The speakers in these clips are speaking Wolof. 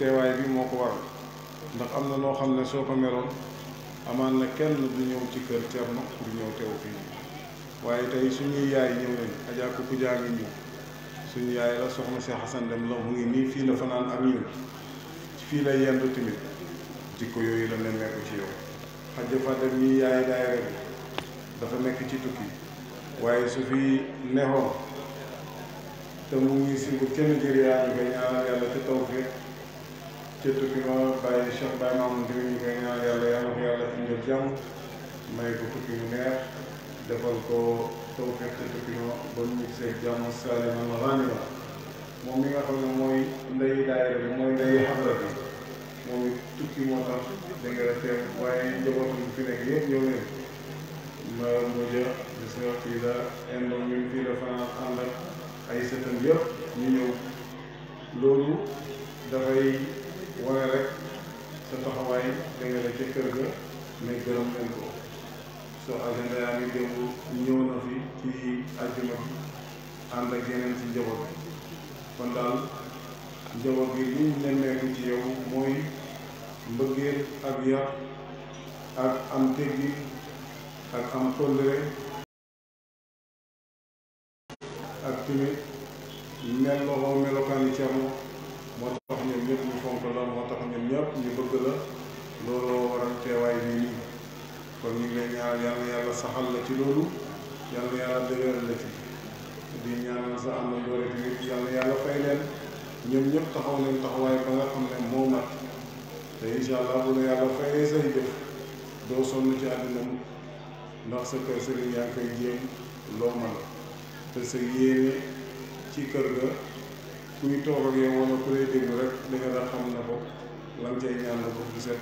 teewaay bi moo ko waral ndax am na noo xam ne soo ko meloon amaan na kenn du ñëw ci kër Thierno pour ñëw teew fii waaye tey suñuy yaay ñëw nañ Adja Koukou Dia ngi nii suñu yaay la soxna si Xasan dem la mu ngi nii fii la fanaan ak ñun fii la yendu tamit jikko yooyu la nemmeeku ci yow xajja fa dem ñii yaay daayira bi dafa nekk ci tukki waaye su fi neexoon te mu ngi si bu kenn jëriyaa ñu koy ñaanal yàlla te taw fee cëttu bi ma bàyyi Cheikh Baye Mamoun di ñu koy ñaan yàlla yàlla ko yàlla indil tukki ma ba mu ngi seeg jàmm saaliman wa ghaaniman moom mi nga xam ne mooy ndeyu daayira bi mooy ndeyu xamla bi moom it tukki moo tax danga la teew waaye njabootam fi nekk yëpp ñëw leen ma mujja di seex fii la indoom ñun fii la fanaan ànd ak ay sëtam yëpp ñu ñëw loolu dafay wane rek sa taxawaay da nga ca kër ga mais gërëm leen ko soo agenda yaa ngi démb ñëw na fi ci àjjuma bi ànd ak yeneen ci njaboot bi kon daal njaboot bi li ñu nemmeeku ci yow mooy mbëggeel ak yar ak am teggi ak am kóllëre ak tamit mel loxo melokaani cerno moo tax ñoom ñëpp ñu fonk la moo tax ñoom ñëpp ñu bëgg la looloo waral teewaay bi nii kon ñu ngi lay ñaanal yàlla saxal la ci loolu yal na yàlla dëgëral la ci di ñaanal sa am na doole tamit yal na yàlla fay leen ñoom ñëpp taxaw nañ taxawaay ba nga xam ne moo mat te incha allah bu la yàlla fayee say jëf doo sonn ci àddina ndax sa kër sëriñ yaa ngi koy jéem loo te sa yéene ci kër ga. kuy toog ak yow a ku lay déglu rek li nga xam na ko lan cay ñaan ko bu set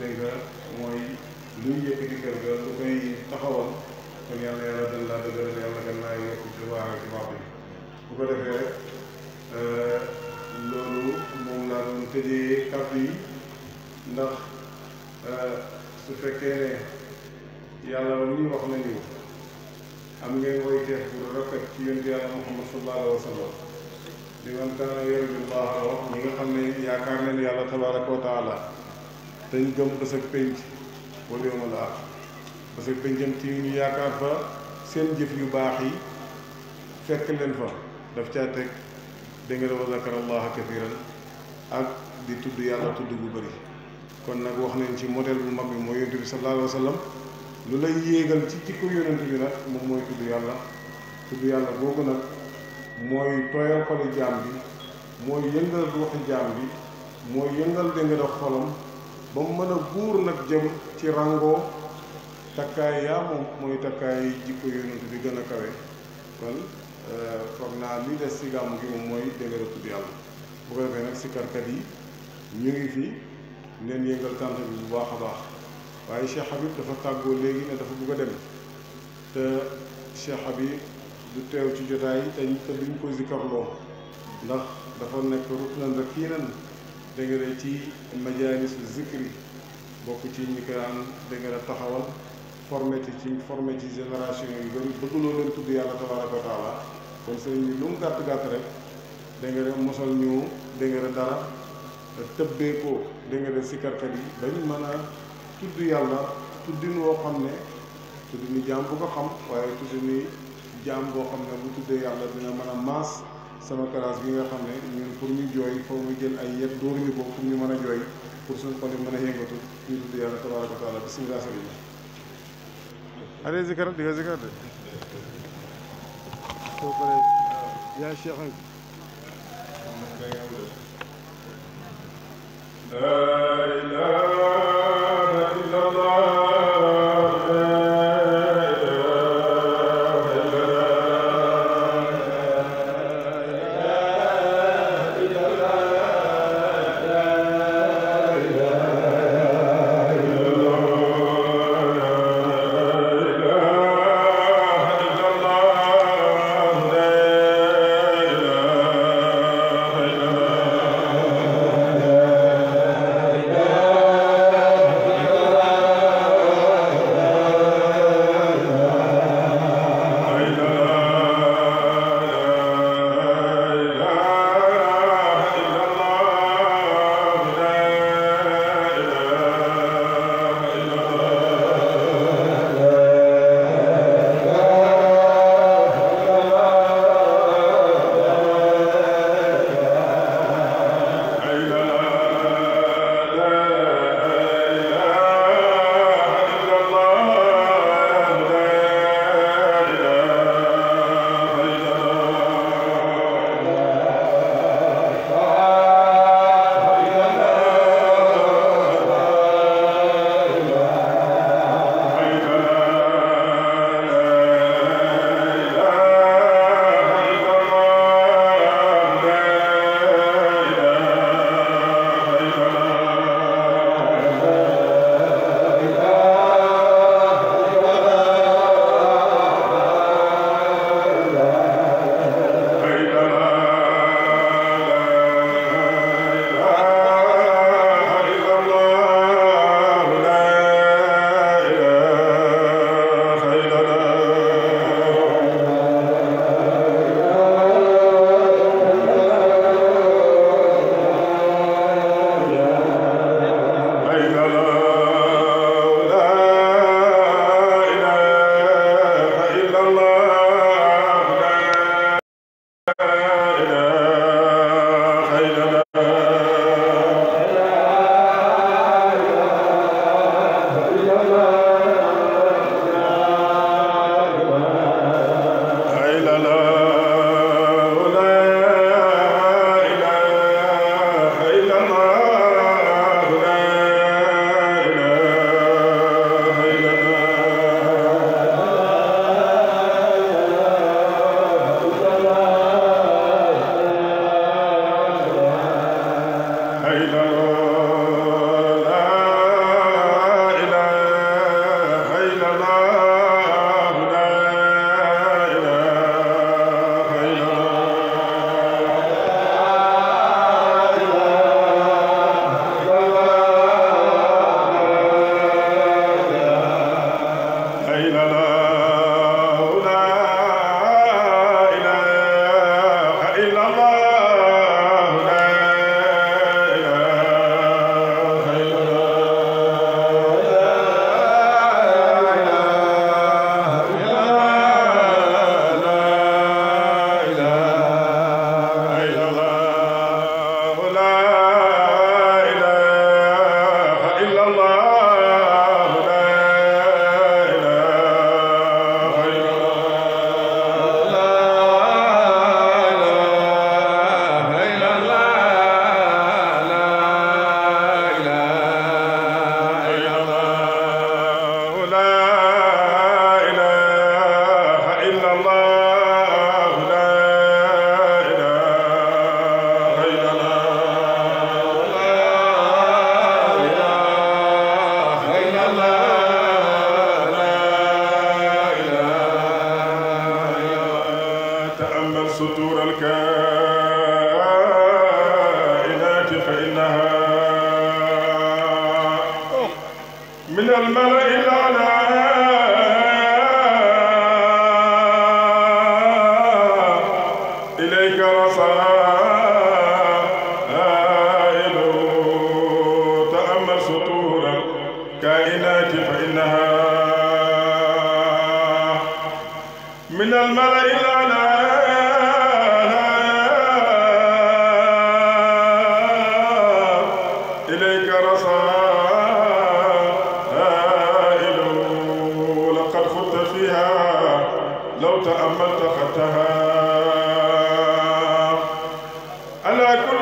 dégg mooy luy yëkkati kër ga lu koy taxawal kon yàlla yàlla dal laa dëgëral yàlla gën ci waara ci baax bi bu ko defee rek euh, loolu moom laa doon tëjee kàddu yi ndax euh, su fekkee ne yàlla la ñuy wax nañu am ngeen woy teef bu rafet ci yonent yàlla Muhammad sallallahu alayhi wa li man kaana yarju llaaha wax ñi nga xam ne yaakaar nañ yàlla tabaaraka wa taala dañ gëm bés ak pénc wal yawmal aaxir bés ci ñu yaakaar fa seen jëf yu baax yi fekk leen fa daf caa teg dégg nga wa zakara llaaha kathiran ak di tudd yàlla tudd bu bëri kon nag wax nañ ci modèle bu mag bi mooy yonent bi sallallaahu alayhi lu lay yéegal ci jikko yonent bi nag moom mooy tudd yàlla tudd yàlla boobu nag mooy tooyal xoli jaam bi mooy yëngal ruuxi jaam bi mooy yëngal dënga da xolam ba mu mën a buur nag jëm ci rangoo takkaay yaa moom mooy takkaay jikko yonent bi gën a kawe kon euh, foog naa li des ci gàmmu gi moom mooy dënga da tudd yàlla bu ko defee nag sikkarkat yi ñu ngi fi leen yëngal tànt bi bu baax a baax waaye Cheikh Habib dafa tàggoo léegi ne dafa bëgg a dem te Cheikh Habib du teew ci jotaay yi te te duñ ko zikarloo ndax dafa nekk ruknan rakiinan dëgëra ci majaalis zikri bokk ci ñi ko daan dëgëra taxawal ci formé ci génération yu bëri bëggloo leen tudd yàlla tabaaraka wa taala kon sëriñ bi lu mu gàtt gàtt rek dëgëra mosal ñu dëgëra dara tëbbee ko dëgëra sikarkat yi bañ mën a tudd yàlla tuddin woo xam ne tuddinu jaam bu ko xam waaye tuddinu jaam boo xam ne bu tuddee yàlla dina mën a maas sama classe bi nga xam ne ñun pour ñu jooy foo mu jël ay yet dóor ñu ko pour ñu mën a jooy pour suñu xol yi mën a yëngatu ñu tudd yàlla tabaraka taala bisimilah sëriñ allez zikar di nga zikar de soo paree euh, yaa cheikh لا إله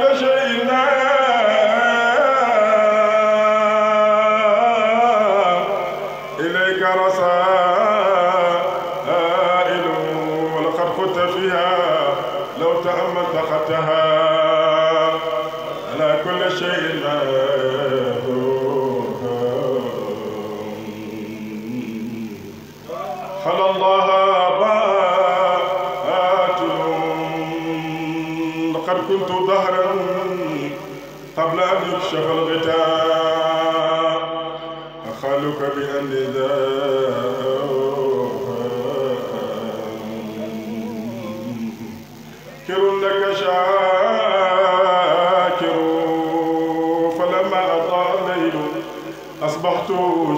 كل شيء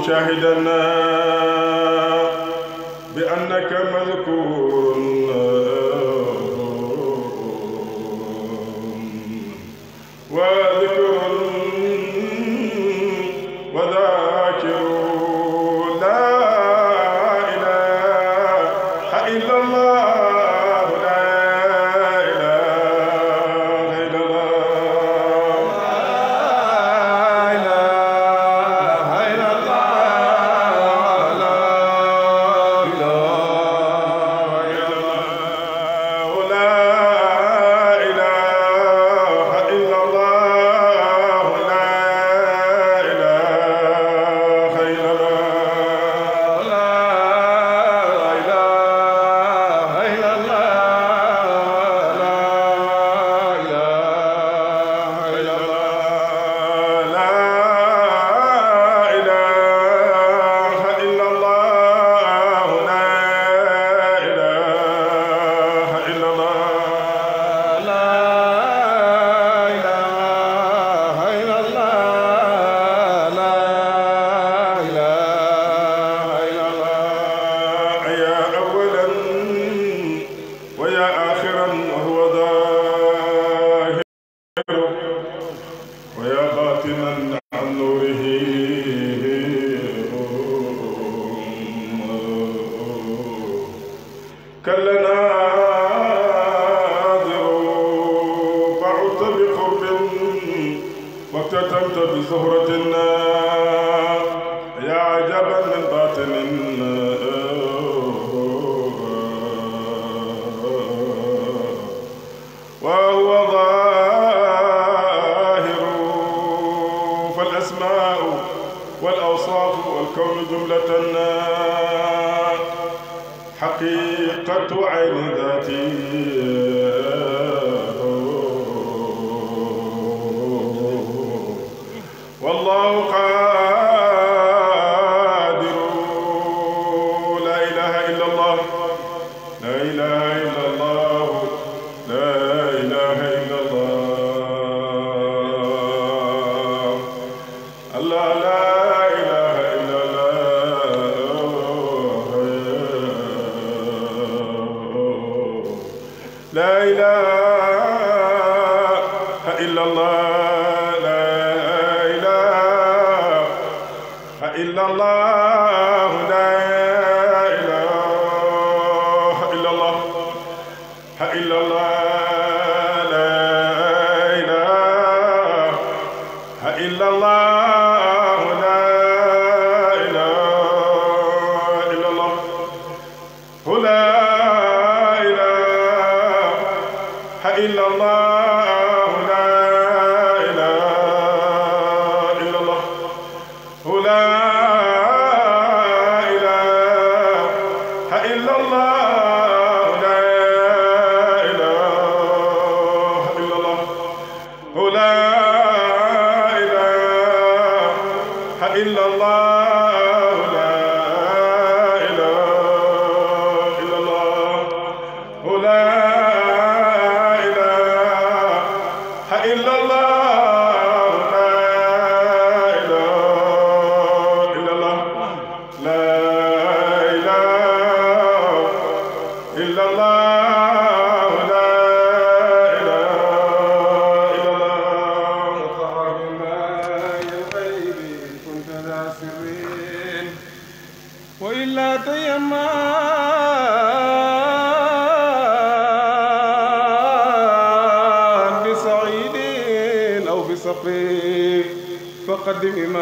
شاهدا بما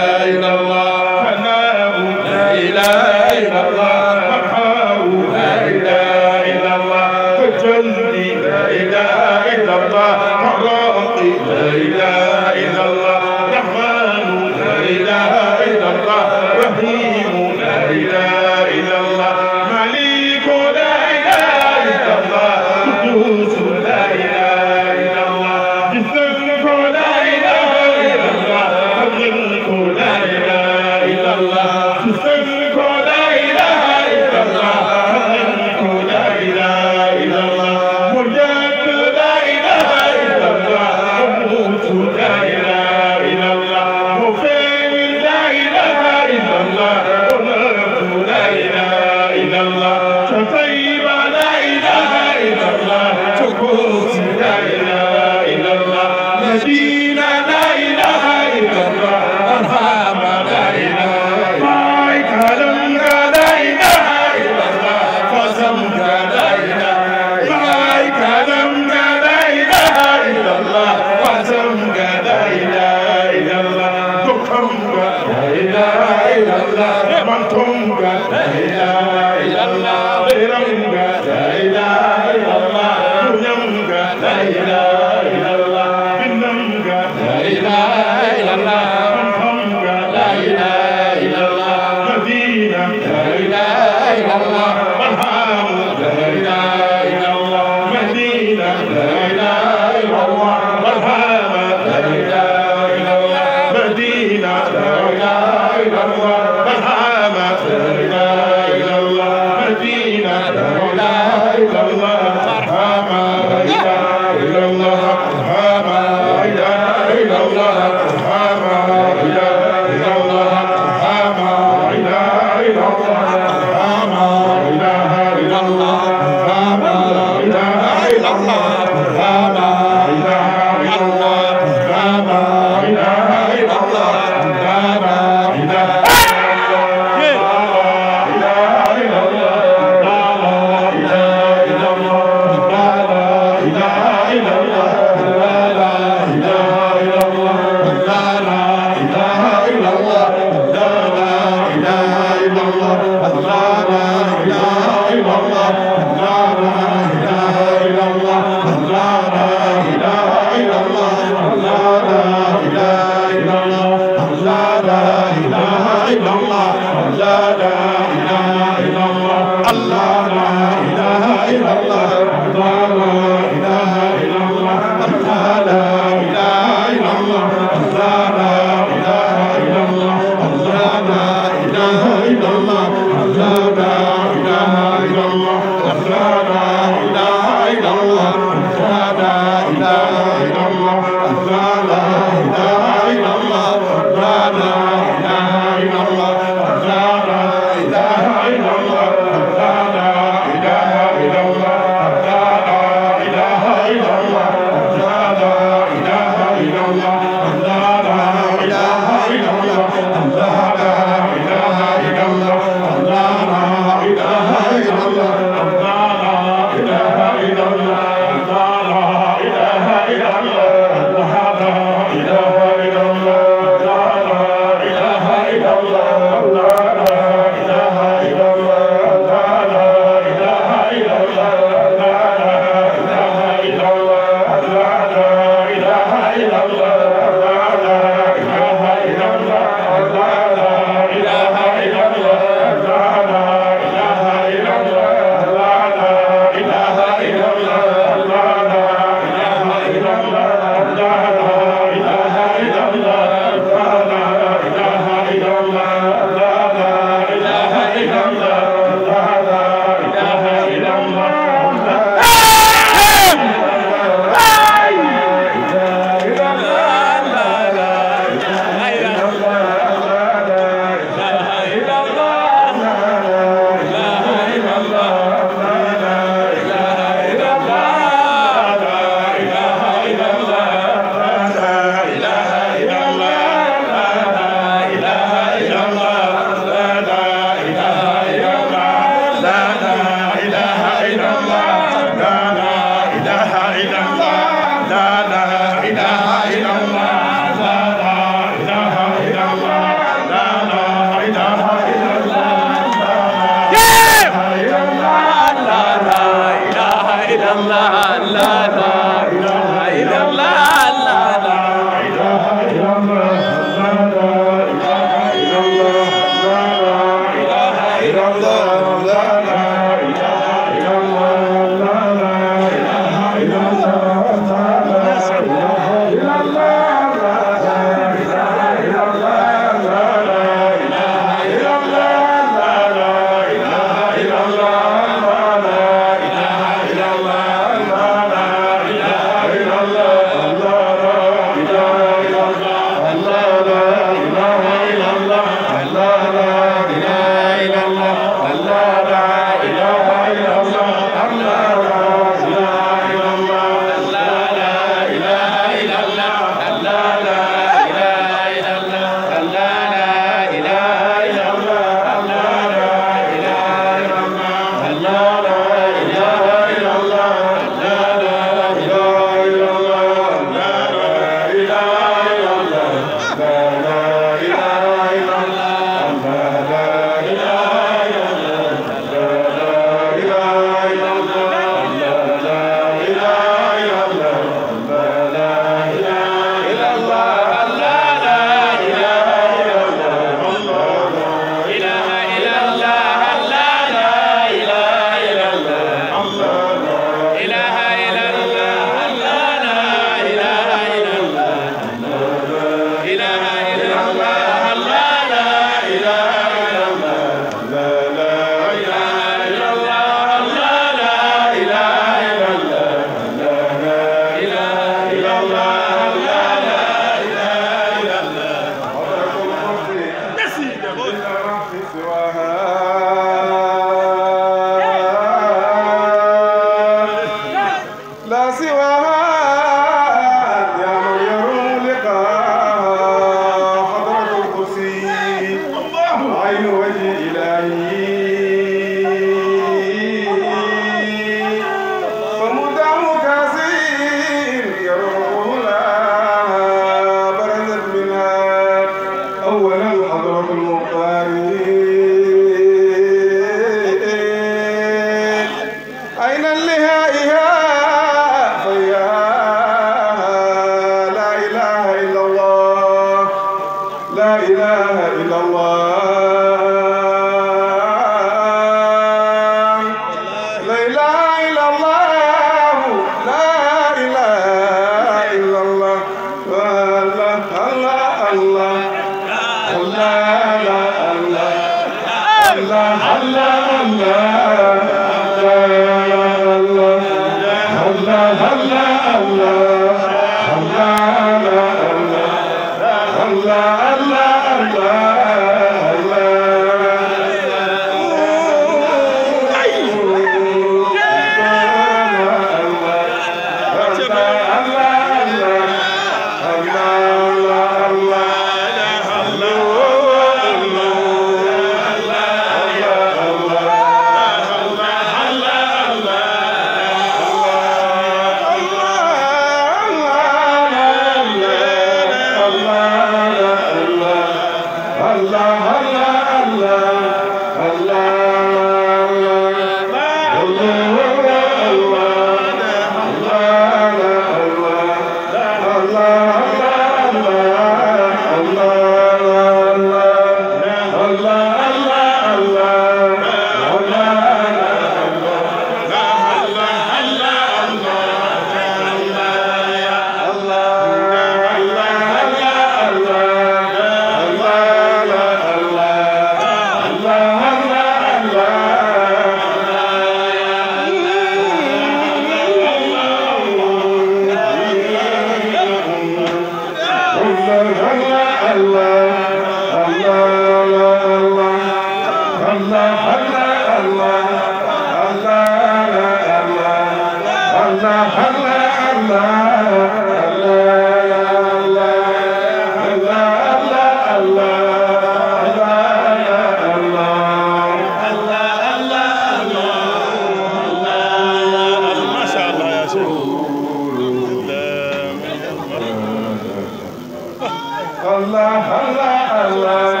الله الله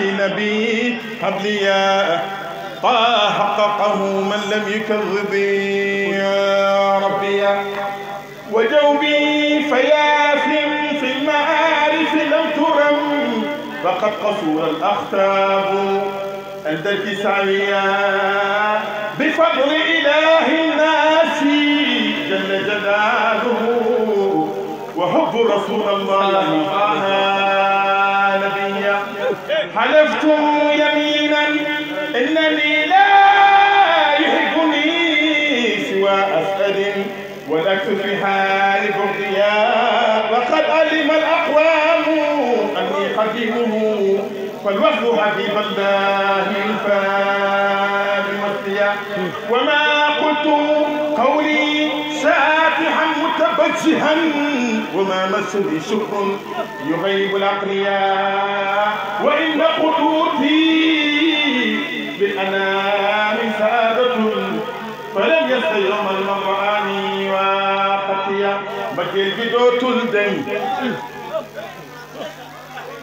نبي أبلياء طه حققه من لم يكذب يا ربي وجوبي فياثم في المعارف لم ترم فقد قصر الأخطاب أنت الكسعية بفضل إله الناس جل جلاله وحب رسول الله حلفت يمينا انني لا يهلكني سوى اسد ولست في حال بغيا وقد علم الاقوام اني خفيفه فالوفد حبيب الله الفاتح وما مزها ومامس بشكر يغيب الأقنياء وإن قدوتي بالأنام سادة فلم يست يوم المظآن واقتيا بكير بدوت الدم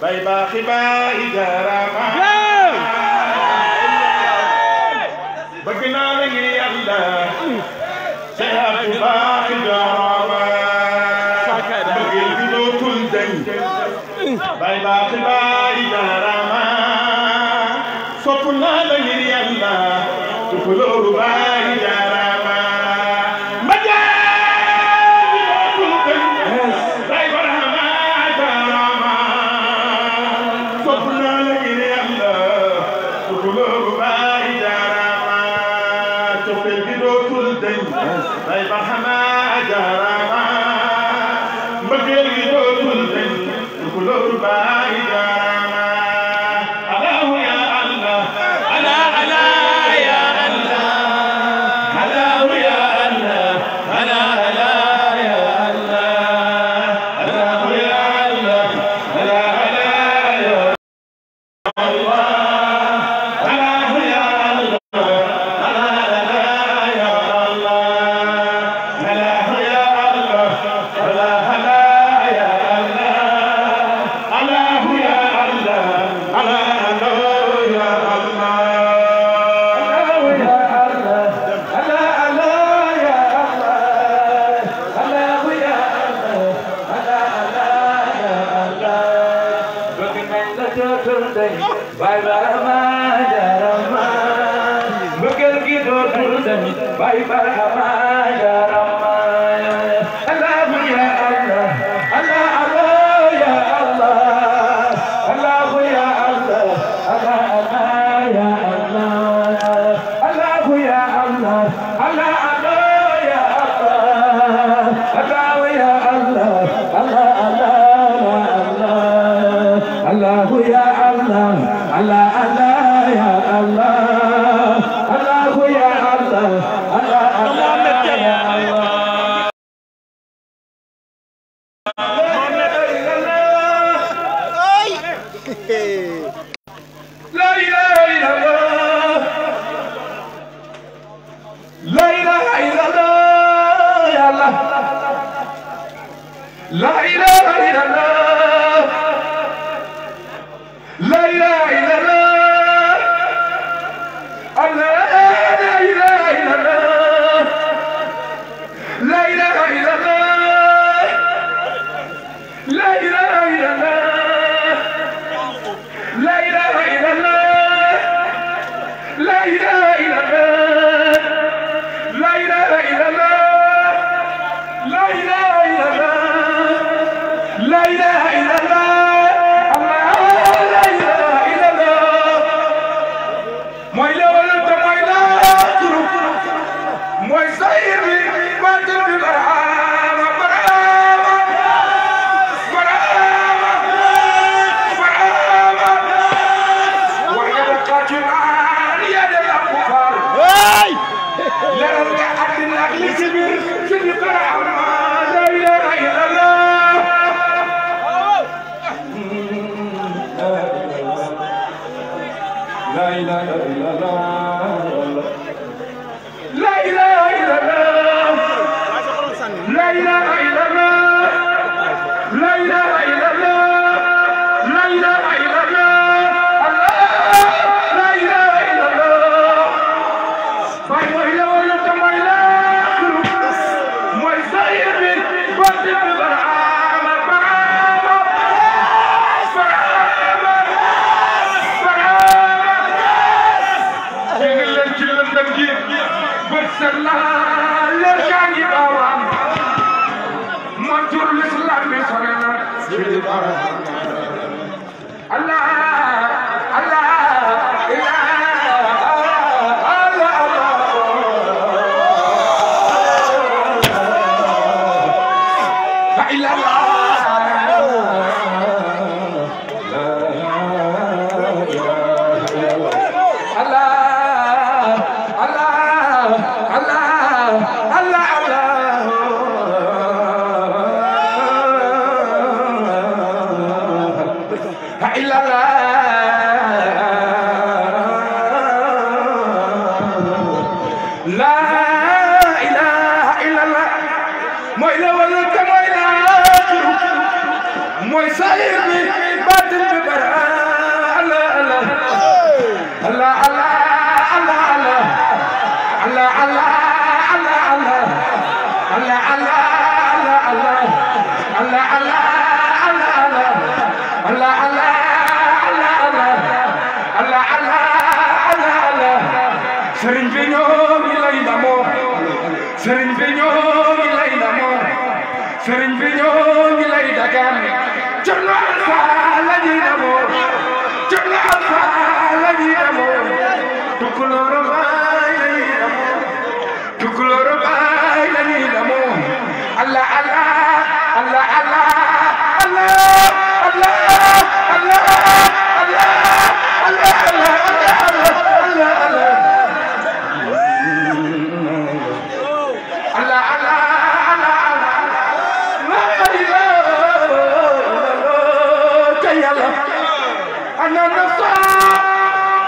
باي باخي باي دارا glory.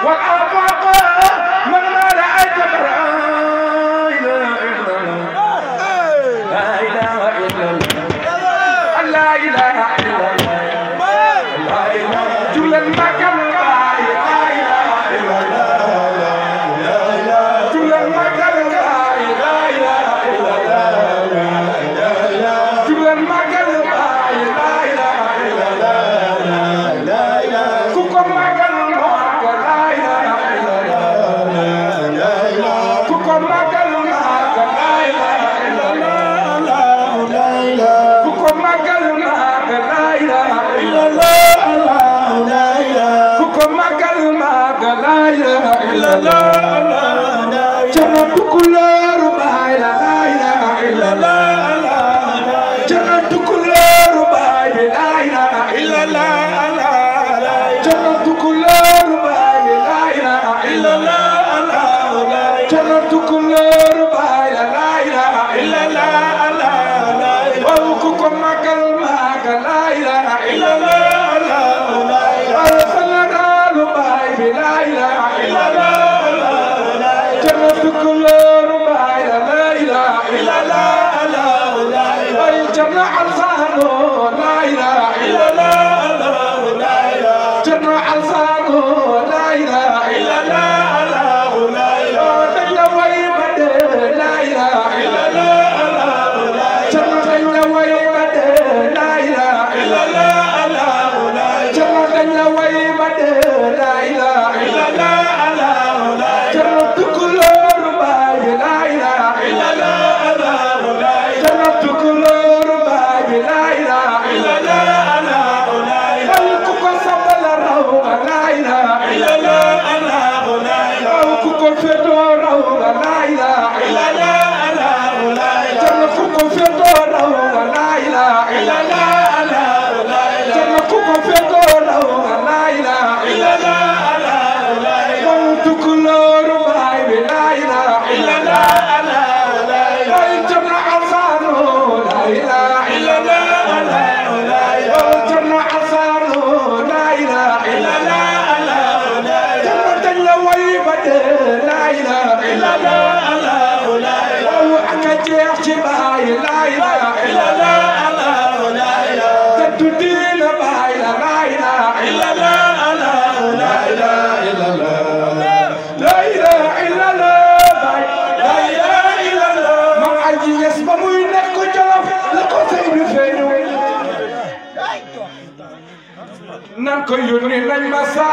wal Bravo!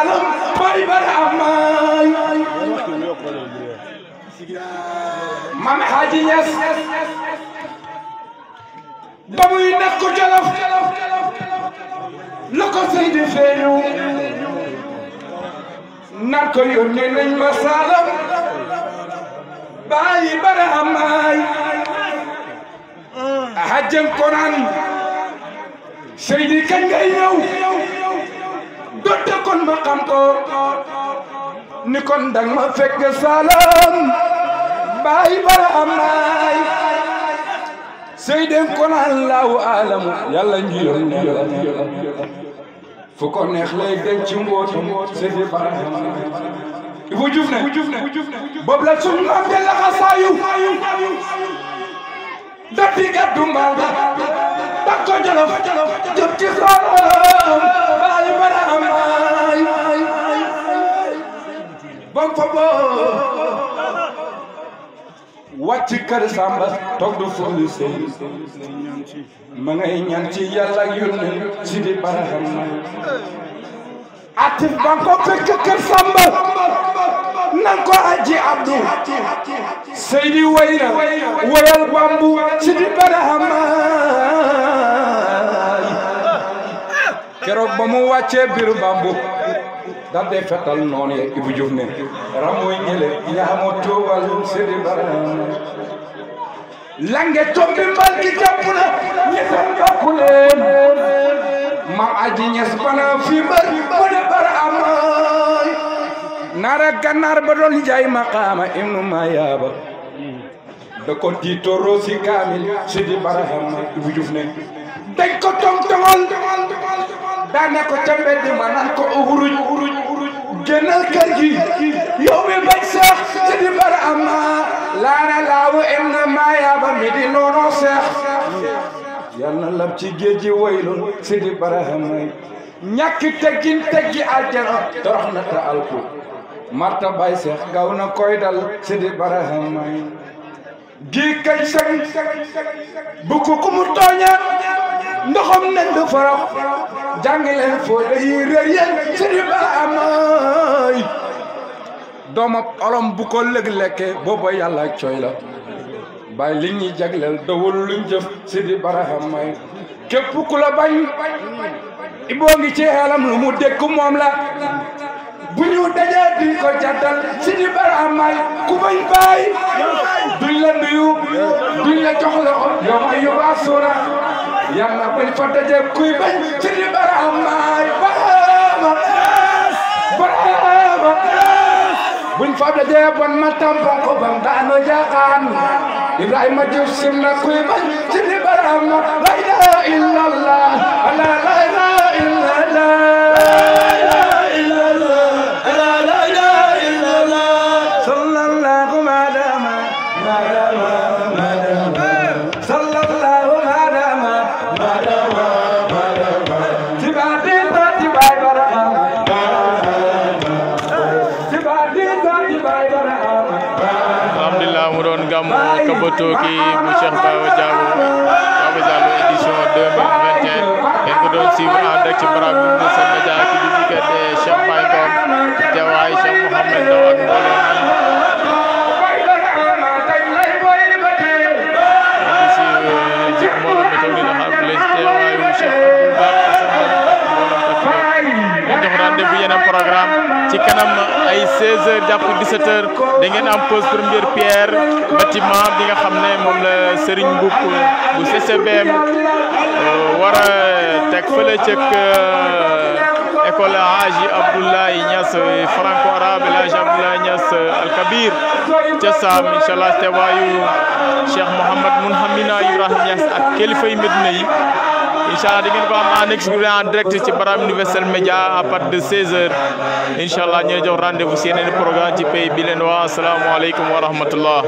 alam paribar amay la ko sëy di feeñu ko yónnee nañ ma Saalum bàyyi bara amay hajjan Quran sëy di kañ ngay ñëw donte kon ma xam ni kon dang ma fekk salam baay bara am naay seyden kon allahu alamu yàlla njiyoon fu ko neex lay denc ci mbootum seydi bara bu juf ne boobu la suñu am de laxasaayu dati gàddu bakko jolof jub ci xolam baay mën boo wàcc kër Samba toog du fóolu sëy ma ngay ñaan ci yàlla ak yónneen di baraxam na atif ban ko fekk kër Samba nan ko aji Abdou Seydi wayna wayal bambu si di baraxam keroog ba mu wàccee biir bambu dal de fetal noonu ye Ibou Diouf ne ramoy ñele ñaamo tuubal sidi bara lange tombi mbal gi jàpp na ñetam leen ma aji ñes bana fi mbër mu ne bara amay naara gannaar ba doon jaay maqaama ibnu mayaaba da si kaamil sidi bara Ibou Diouf ne dañ ko tong tongal daane ko ca mbedd ma naan ko uruj génnal kër gi yow mi seex ci di bar ama laana laawu em na maayaaba mi di noonoo seex yal na lab ci géej gi waylun si di barahamay ñàkki teggin teggi aljana torox na ta marta bay seex gaw na koy dal si di barahamay gii kañ sag bu ku mu tooña ndoxam nañ du forox jàngi foo dayi réer yéen sëriñ ba amay doomab olom bu ko lëg lekke booba yàlla cooy la bàyyi li ñuy jagleel dawul luñ jëf sidi baraham may ku la bañ iboo ngi ci lu mu dëkk moom la bu ñu di ko jàttal sidi baraham may ku bañ bàyyi duñ la nuyu duñ la jox loxo yàlla buñ fa daje kuy bañ ci li baramaay barama barama buñ fa daje bon ma tampon ko bam daanu jaaxaan ibrahima diouf sim na kuy bañ ci li barama la ilaha illallah kii mu Cheikh Baba Diabo Baba Diabo édition 2021 dañ ko doon suivre ànd ak ci barab bi mu sa média ki di diggante Cheikh Baye Ngom teewaay Cheikh Mouhamed Ndaw ak mbooloo mi yeneen programme ci kanam ay 16h jàpp 17h da ngeen am pause première pierre bâtiment bi nga xam ne moom la Serigne Mboup bu CCBM euh, war a teg fële ca euh, école Haji Abdoulaye Niass franco arabe El Hadj Abdoulaye Niass Al Kabir ca Saam incha allah teewaayu Cheikh Mouhamad ak kilifa yi Medina yi. incha allah di ngeen ko am en exclusivité en direct ci Barham Universel Média à partir de 16h incha allah ñu jox rendez-vous si yeneen programme ci pays bi leen waa asalaamualeykum wa rahmatullah